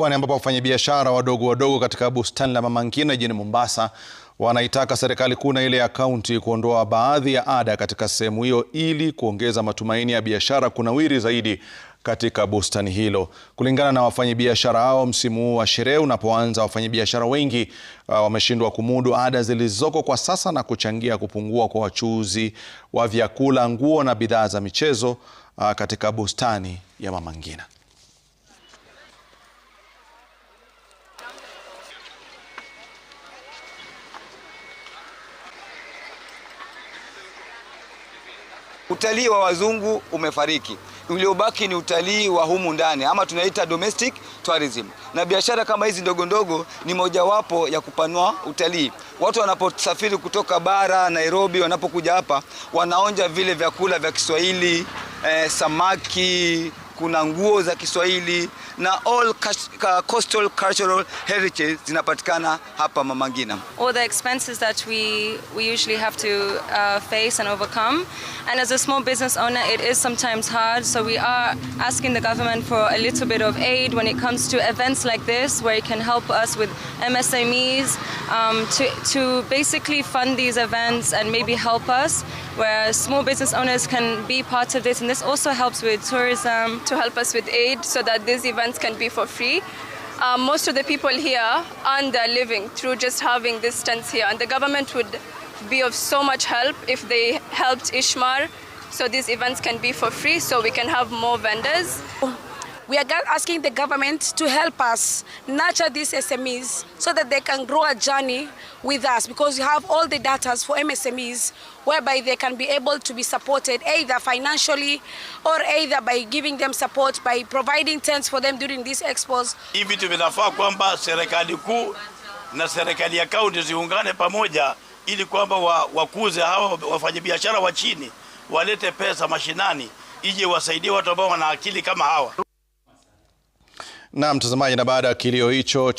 Pwani ambapo wafanyabiashara wadogo wadogo katika bustani la Mama Ngina jijini Mombasa wanaitaka serikali kuu na ile ya kaunti kuondoa baadhi ya ada katika sehemu hiyo ili kuongeza matumaini ya biashara kunawiri zaidi katika bustani hilo. Kulingana na wafanyabiashara hao, msimu huu wa sherehe unapoanza, wafanyabiashara wengi uh, wameshindwa kumudu ada zilizoko kwa sasa na kuchangia kupungua kwa wachuuzi wa vyakula, nguo na bidhaa za michezo uh, katika bustani ya Mama Ngina. utalii wa wazungu umefariki, uliobaki ni utalii wa humu ndani ama tunaita domestic tourism, na biashara kama hizi ndogo ndogo ni mojawapo ya kupanua utalii. Watu wanaposafiri kutoka bara Nairobi, wanapokuja hapa wanaonja vile vyakula vya Kiswahili eh, samaki kuna nguo za Kiswahili na all coastal cultural heritage zinapatikana hapa Mama Ngina. All the expenses that we we usually have to uh, face and overcome and as a small business owner it is sometimes hard so we are asking the government for a little bit of aid when it comes to events like this where it can help us with MSMEs um, to, to basically fund these events and maybe help us where small business owners can be part of this. And this also helps with tourism. To help us with aid so that these events can be for free. Um, most of the people here earn their living through just having this tents here. And the government would be of so much help if they helped Ishmar so these events can be for free so we can have more vendors. We are asking the government to help us nurture these SMEs so that they can grow a journey with us because we have all the data for MSMEs whereby they can be able to be supported either financially or either by giving them support by providing tents for them during these expos. Hivi vinafaa kwamba serikali kuu na serikali ya kaunti ziungane pamoja ili kwamba wakuze hawa hawa wafanyabiashara wa chini walete pesa mashinani ije wasaidie watu ambao wana akili kama hawa. Na mtazamaji, na baada ya kilio hicho